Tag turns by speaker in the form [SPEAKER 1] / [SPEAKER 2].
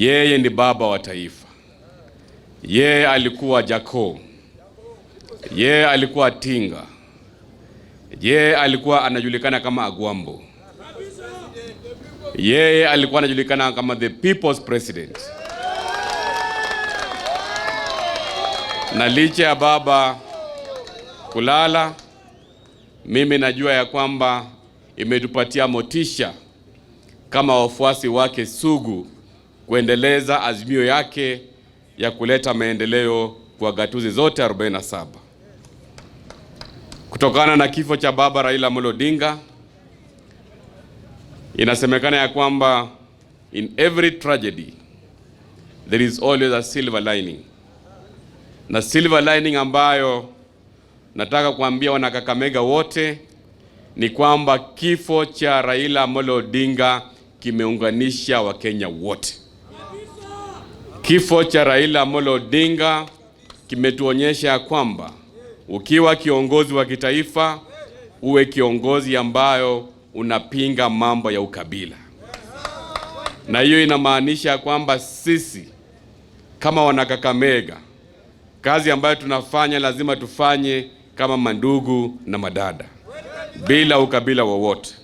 [SPEAKER 1] Yeye ni baba wa taifa. Yeye alikuwa jako Yeye alikuwa Tinga. Yeye alikuwa anajulikana kama Agwambo. Yeye alikuwa anajulikana kama the people's president. Na licha ya baba kulala, mimi najua ya kwamba imetupatia motisha kama wafuasi wake sugu kuendeleza azimio yake ya kuleta maendeleo kwa gatuzi zote 47. Kutokana na kifo cha baba Raila Amolo Odinga, inasemekana ya kwamba in every tragedy there is always a silver lining, na silver lining ambayo nataka kuambia wanakakamega wote ni kwamba kifo cha Raila Amolo Odinga kimeunganisha Wakenya wote. Kifo cha Raila Amolo Odinga kimetuonyesha kwamba ukiwa kiongozi wa kitaifa uwe kiongozi ambayo unapinga mambo ya ukabila, na hiyo inamaanisha kwamba sisi kama Wanakakamega, kazi ambayo tunafanya lazima tufanye kama mandugu na madada bila ukabila wowote.